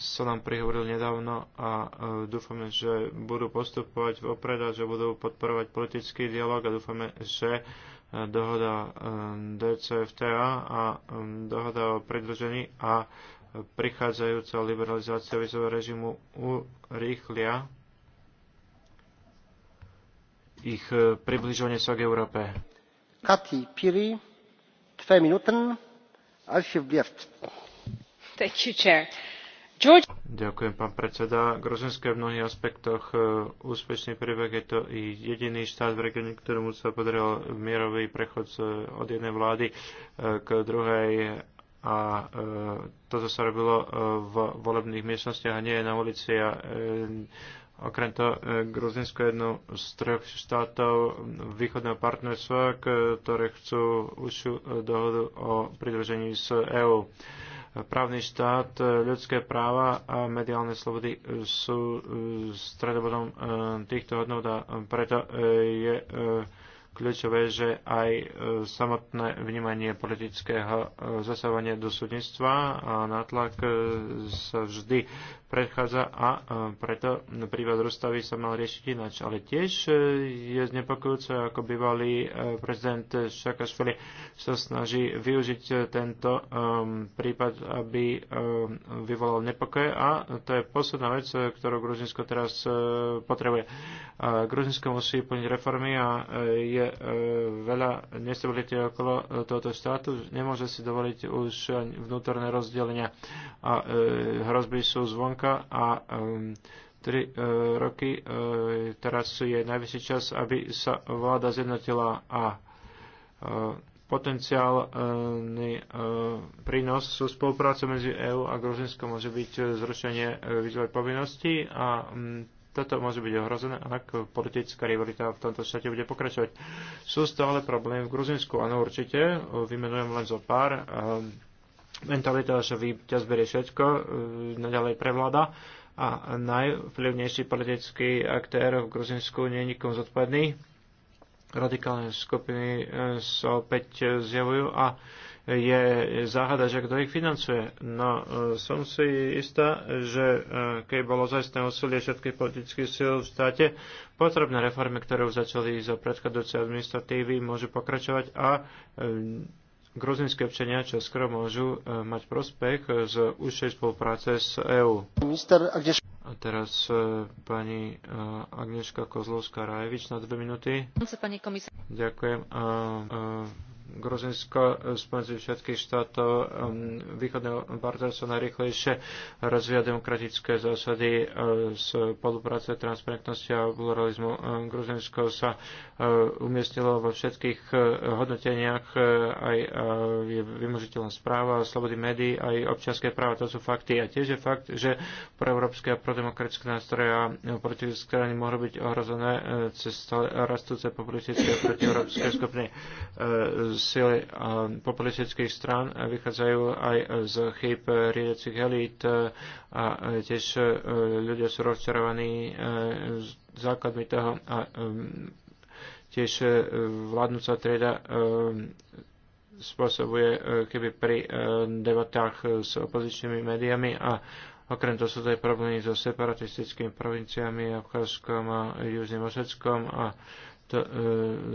sa nám prihovoril nedávno a dúfame, že budú postupovať vopred a že budú podporovať politický dialog a dúfame, že dohoda DCFTA a dohoda o predlžení a prichádzajúca liberalizácia vizového režimu urýchlia ich e, približovanie sa k Európe. Kati Piri, dve minúten, Thank you, Chair. George... Ďakujem, pán predseda. Grozinské v mnohých aspektoch e, úspešný príbeh. Je to i jediný štát v regióne, ktorému sa podarilo mierový prechod e, od jednej vlády k druhej a e, toto sa robilo e, v volebných miestnostiach a nie na ulici a e, Okrem toho, Gruzinsko je jedno z troch štátov východného partnerstva, ktoré chcú už e, dohodu o pridružení s EÚ. Právny štát, ľudské práva a mediálne slobody sú stredobodom týchto hodnot a preto je kľúčové, že aj e, samotné vnímanie politického e, zasávania do súdnictva a nátlak e, sa vždy predchádza a preto prípad Rustavy sa mal riešiť ináč. Ale tiež je znepokojúce, ako bývalý prezident Šakašvili sa snaží využiť tento prípad, aby vyvolal nepokoje a to je posledná vec, ktorú Gruzinsko teraz potrebuje. Gruzinsko musí plniť reformy a je e, veľa nestability okolo e, tohoto štátu, nemôže si dovoliť už vnútorné rozdelenia a e, hrozby sú zvonka a e, e roky teraz je najvyšší čas, aby sa vláda zjednotila a potenciálny prínos sú spolupráce medzi EÚ a Gruzinskom môže byť zrušenie výzvoj povinnosti a toto môže byť ohrozené, ak politická rivalita v tomto svete bude pokračovať. Sú stále problémy v Gruzinsku, áno určite, vymenujem len zo pár. Ehm, mentalita, že víťaz berie všetko, ehm, naďalej prevláda a najvplyvnejší politický aktér v Gruzinsku nie je nikom zodpovedný. Radikálne skupiny ehm, sa opäť zjavujú a je záhada, že kto ich financuje. No, e, som si istá, že e, keď bolo zaistné úsilie všetkých politických síl v štáte, potrebné reformy, ktoré už začali zo predchádzajúcej administratívy, môžu pokračovať a e, gruzinské občania čo skoro môžu mať prospech z užšej spolupráce s EÚ. A teraz pani Agneška Kozlovská-Rajevič na dve minúty. Ďakujem. A, a... Gruzinsko eh, spomedzi všetkých štátov mm, východného partnerstva najrychlejšie rozvíja demokratické zásady z eh, spolupráce, transparentnosti a pluralizmu. Eh, Gruzinsko sa umiestnilo vo všetkých hodnoteniach aj je vymožiteľná správa, slobody médií, aj občianské práva, to sú fakty. A tiež je fakt, že proeurópske a prodemokratické nástroje a proti strany mohli byť ohrozené cez rastúce populistické a protieurópske skupiny sily populistických strán vychádzajú aj z chyb riadiacich elít a tiež e, ľudia sú rozčarovaní e, základmi toho a e, tiež vládnúca trieda spôsobuje keby pri debatách s opozičnými médiami a Okrem toho sú to aj problémy so separatistickými provinciami Abcházskom a Južným Osetskom a to e,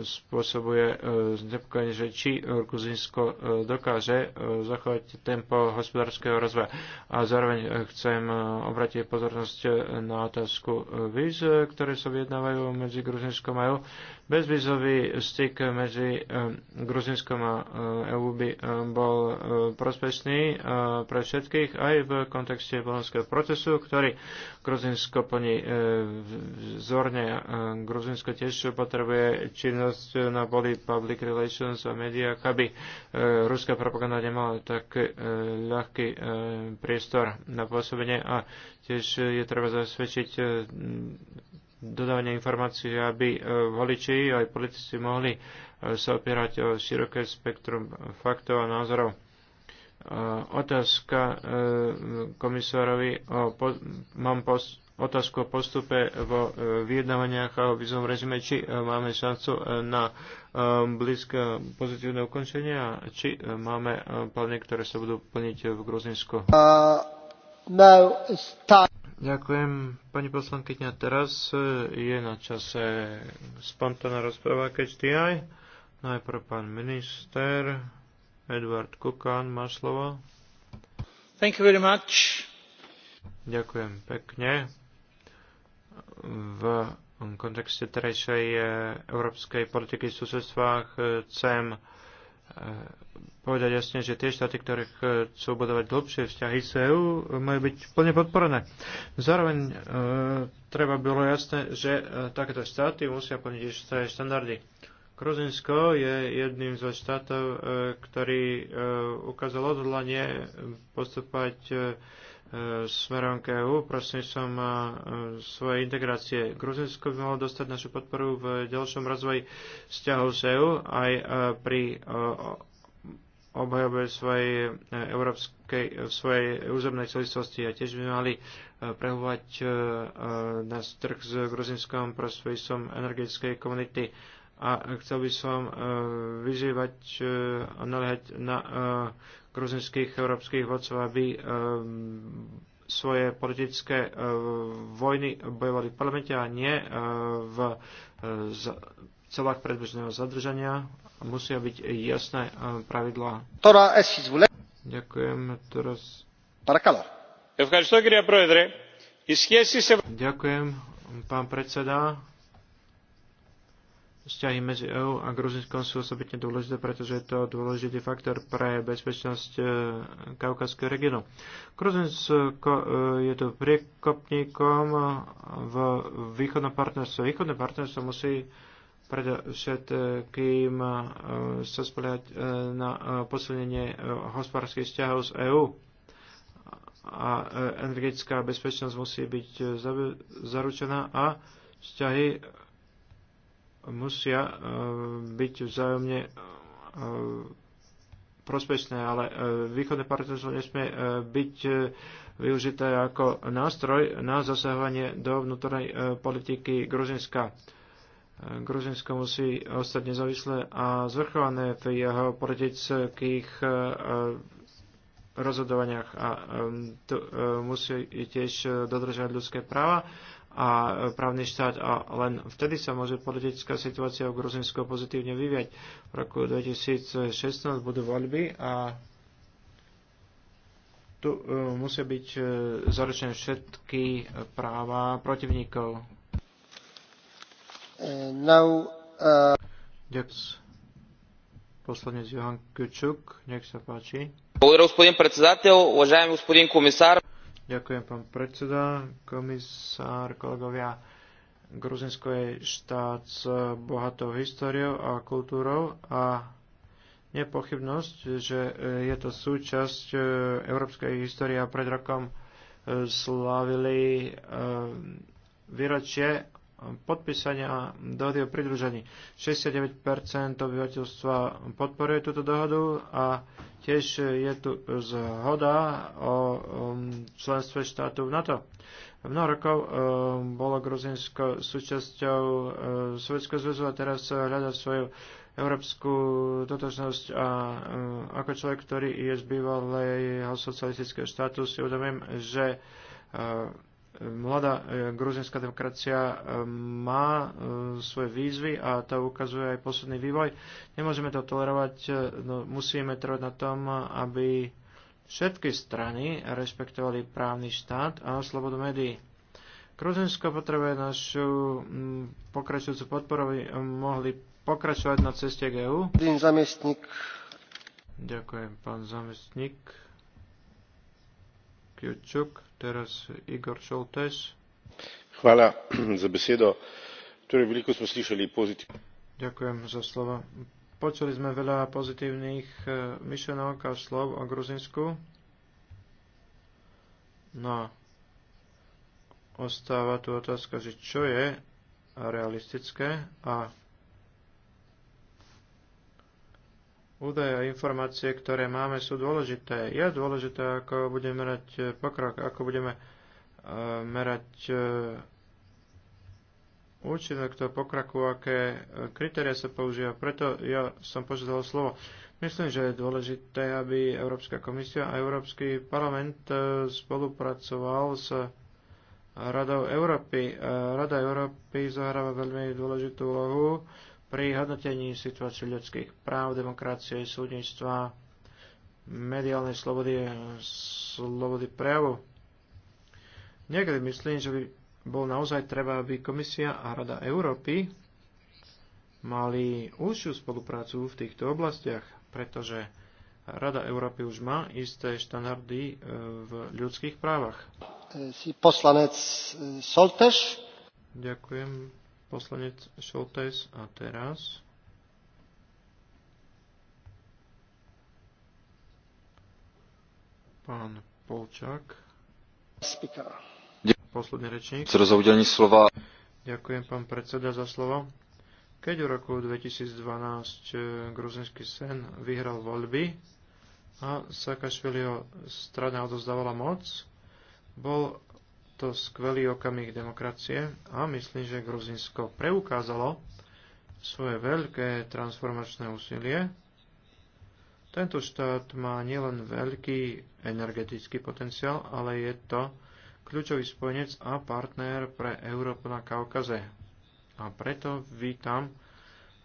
spôsobuje e, znepokojenie, že či Gruzinsko e, dokáže e, zachovať tempo hospodárskeho rozvoja. A zároveň e, chcem e, obratiť pozornosť e, na otázku e, víz, ktoré sa vyjednávajú medzi Gruzinskom a EU. Bezvízový styk medzi e, Gruzinskom a EU by e, bol e, prospešný e, pre všetkých aj v kontexte bolonského procesu, ktorý Gruzinsko plní e, zorne. E, Gruzinsko tiež potrebuje prvé činnosť na boli public relations a media, aby e, ruská propaganda nemala tak e, ľahký e, priestor na pôsobenie a tiež je treba zasvedčiť dodávanie informácií, aby voliči aj politici mohli sa opierať o široké spektrum faktov a názorov. Otázka komisárovi, mám post otázku o postupe vo e, vyjednávaniach a o vizovom režime, či e, máme šancu e, na blízke pozitívne ukončenie a či máme plány, ktoré sa budú plniť v Gruzinsku. Uh, no, Ďakujem, pani poslankyňa. Teraz je na čase spontánna rozpráva KHTI. Najprv pán minister Edward Kukan má slovo. Thank you very much. Ďakujem pekne v kontexte terajšej eh, európskej politiky v susedstvách eh, chcem eh, povedať jasne, že tie štáty, ktoré chcú budovať dlhšie vzťahy s EU, majú byť plne podporené. Zároveň e, treba bolo jasné, že e, takéto štáty musia plniť isté štandardy. Gruzinsko je jedným zo štátov, e, ktorý e, ukázal odhodlanie postupovať e, smerom k EU som e, svoje integrácie. Gruzinsko by malo dostať našu podporu v ďalšom rozvoji vzťahov s EU aj e, pri e, obhajobe svojej európskej, svojej územnej celistosti a tiež by mali prehovať na trh s gruzinskom prostredníctvom energetickej komunity a chcel by som vyžívať a naliehať na gruzinských európskych vodcov, aby ehm, svoje politické ehm, vojny bojovali v parlamente a nie ehm, v e, celách predbežného zadržania. Musia byť jasné pravidlá. Ďakujem. Teraz... Ďakujem, pán predseda. Vzťahy medzi EÚ a Gruzinskom sú osobitne dôležité, pretože je to dôležitý faktor pre bezpečnosť e, Kaukazského regionu. Gruzinsko e, je tu priekopníkom v východnom partnerstve. Východné partnerstvo musí predovšetkým e, sa spoliať na posilnenie hospodárskych vzťahov z EÚ a energetická bezpečnosť musí byť zaručená a vzťahy musia e, byť vzájomne e, prospešné, ale e, východné partnerstvo nesmie byť využité ako nástroj na zasahovanie do vnútornej politiky Gruzinska. Gruzinsko musí ostať nezávislé a zvrchované v jeho politických rozhodovaniach a tu musí tiež dodržať ľudské práva a právny štát a len vtedy sa môže politická situácia v Gruzinsku pozitívne vyviať. V roku 2016 budú voľby a tu uh, musia byť uh, zaručené všetky práva protivníkov. Uh, Now, uh... Ďakujem. Poslanec Johan Kučuk, nech sa páči. Благодаря, господин председател. Уважаеми господин комисар. Ďakujem, pán predseda, komisár, kolegovia. Gruzinsko je štát s bohatou históriou a kultúrou a nepochybnosť, že je to súčasť e, európskej histórie a pred rokom e, slávili e, výročie podpísania dohody o pridružení. 69% obyvateľstva podporuje túto dohodu a tiež je tu zhoda o um, členstve štátu v NATO. Mnoho rokov um, bolo Gruzinsko súčasťou um, Sovjetského zväzu a teraz hľada svoju európsku totožnosť a ako človek, ktorý je z bývalého socialistického štátu, si uvedomím, že mladá e, gruzinská demokracia e, má e, svoje výzvy a to ukazuje aj posledný vývoj. Nemôžeme to tolerovať, no musíme trvať na tom, aby všetky strany rešpektovali právny štát a slobodu médií. Gruzinsko potrebuje našu mm, pokračujúcu podporu, aby mohli pokračovať na ceste k EU. Zamestník. Ďakujem, pán zamestník. Kiučuk. Hvala za besedo. Torej, veliko smo slišali pozitiv. Ďakujem za slovo. Počuli sme veľa pozitívnych eh, myšlenok a slov o Gruzinsku. No, ostáva tu otázka, že čo je realistické a Údaje a informácie, ktoré máme, sú dôležité. Je dôležité, ako budeme merať eh, pokrok, ako budeme eh, merať eh, účinok toho pokraku, aké kritéria sa používa. Preto ja som požiadal slovo. Myslím, že je dôležité, aby Európska komisia a Európsky parlament spolupracoval s Radou Európy. Rada Európy zahráva veľmi dôležitú úlohu pri hodnotení situácie ľudských práv, demokracie, súdnictva, mediálnej slobody, slobody prejavu. Niekedy myslím, že by bol naozaj treba, aby Komisia a Rada Európy mali úžšiu spoluprácu v týchto oblastiach, pretože Rada Európy už má isté štandardy e, v ľudských právach. E, si poslanec e, Soltež. Ďakujem poslanec Šoltes a teraz pán Polčák. Posledný rečník. Za slova. Ďakujem pán predseda za slovo. Keď v roku 2012 eh, gruzinský sen vyhral voľby a Sakašviliho strana odozdávala moc, bol to skvelý okamih demokracie a myslím, že Gruzinsko preukázalo svoje veľké transformačné úsilie. Tento štát má nielen veľký energetický potenciál, ale je to kľúčový spojenec a partner pre Európu na Kaukaze. A preto vítam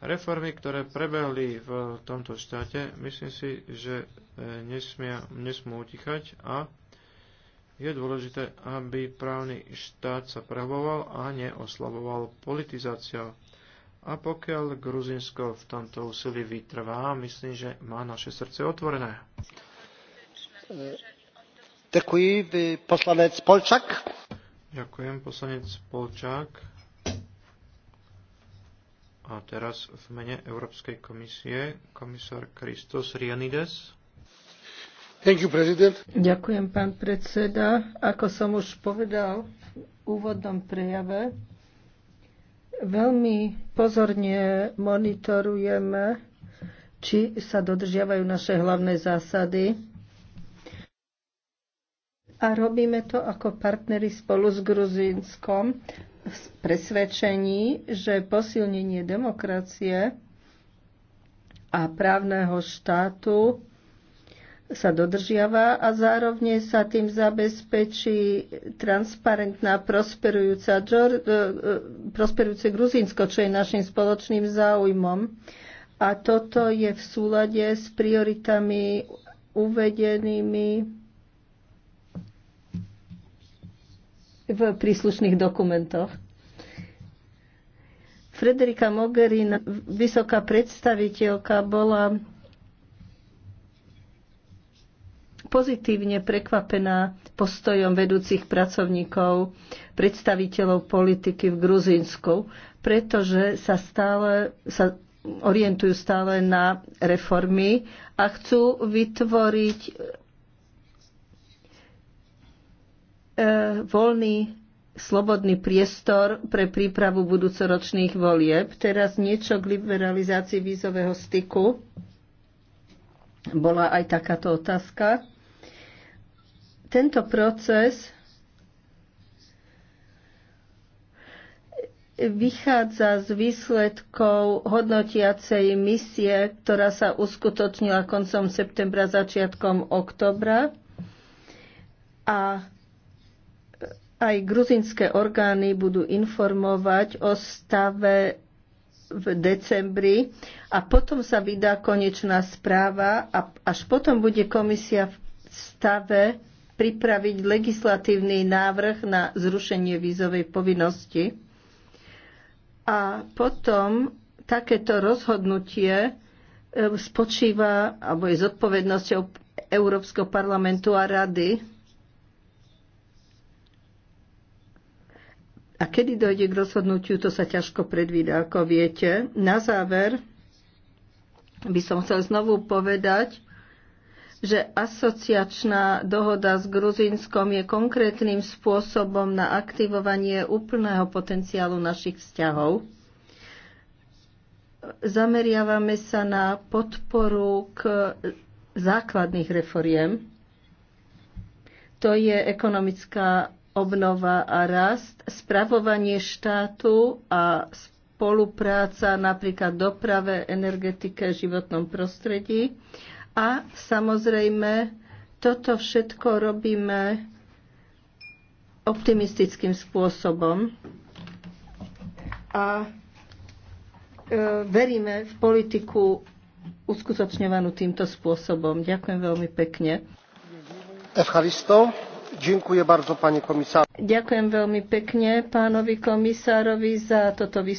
reformy, ktoré prebehli v tomto štáte. Myslím si, že e, nesmia, nesmú utichať a je dôležité, aby právny štát sa prehboval a neoslaboval politizácia. A pokiaľ Gruzinsko v tomto úsilí vytrvá, myslím, že má naše srdce otvorené. Ďakujem, poslanec Polčák. Ďakujem, poslanec Polčák. A teraz v mene Európskej komisie komisár Kristos Rianides. Ďakujem, pán predseda. Ako som už povedal v úvodnom prejave, veľmi pozorne monitorujeme, či sa dodržiavajú naše hlavné zásady. A robíme to ako partnery spolu s Gruzínskom v presvedčení, že posilnenie demokracie a právneho štátu sa dodržiava a zároveň sa tým zabezpečí transparentná prosperujúca, e, e, prosperujúce Gruzínsko, čo je našim spoločným záujmom. A toto je v súlade s prioritami uvedenými v príslušných dokumentoch. Frederika Mogherin, vysoká predstaviteľka, bola pozitívne prekvapená postojom vedúcich pracovníkov, predstaviteľov politiky v Gruzínsku, pretože sa stále sa orientujú stále na reformy a chcú vytvoriť e, voľný slobodný priestor pre prípravu budúcoročných volieb. Teraz niečo k liberalizácii vízového styku. Bola aj takáto otázka. Tento proces vychádza z výsledkov hodnotiacej misie, ktorá sa uskutočnila koncom septembra, začiatkom oktobra. A aj gruzinské orgány budú informovať o stave v decembri a potom sa vydá konečná správa a až potom bude komisia v stave pripraviť legislatívny návrh na zrušenie vízovej povinnosti. A potom takéto rozhodnutie e, spočíva alebo je zodpovednosťou Európskeho parlamentu a rady. A kedy dojde k rozhodnutiu, to sa ťažko predvída, ako viete. Na záver by som chcel znovu povedať, že asociačná dohoda s Gruzínskom je konkrétnym spôsobom na aktivovanie úplného potenciálu našich vzťahov. Zameriavame sa na podporu k základných reforiem. To je ekonomická obnova a rast, spravovanie štátu a spolupráca napríklad doprave, energetike, životnom prostredí a samozrejme, toto všetko robíme optimistickým spôsobom. A e, veríme v politiku uskutočňovanú týmto spôsobom. Ďakujem veľmi pekne. Evcharisto. Ďakujem bardzo, pani komisár. Ďakujem veľmi pekne pánovi komisárovi za toto vystúpenie.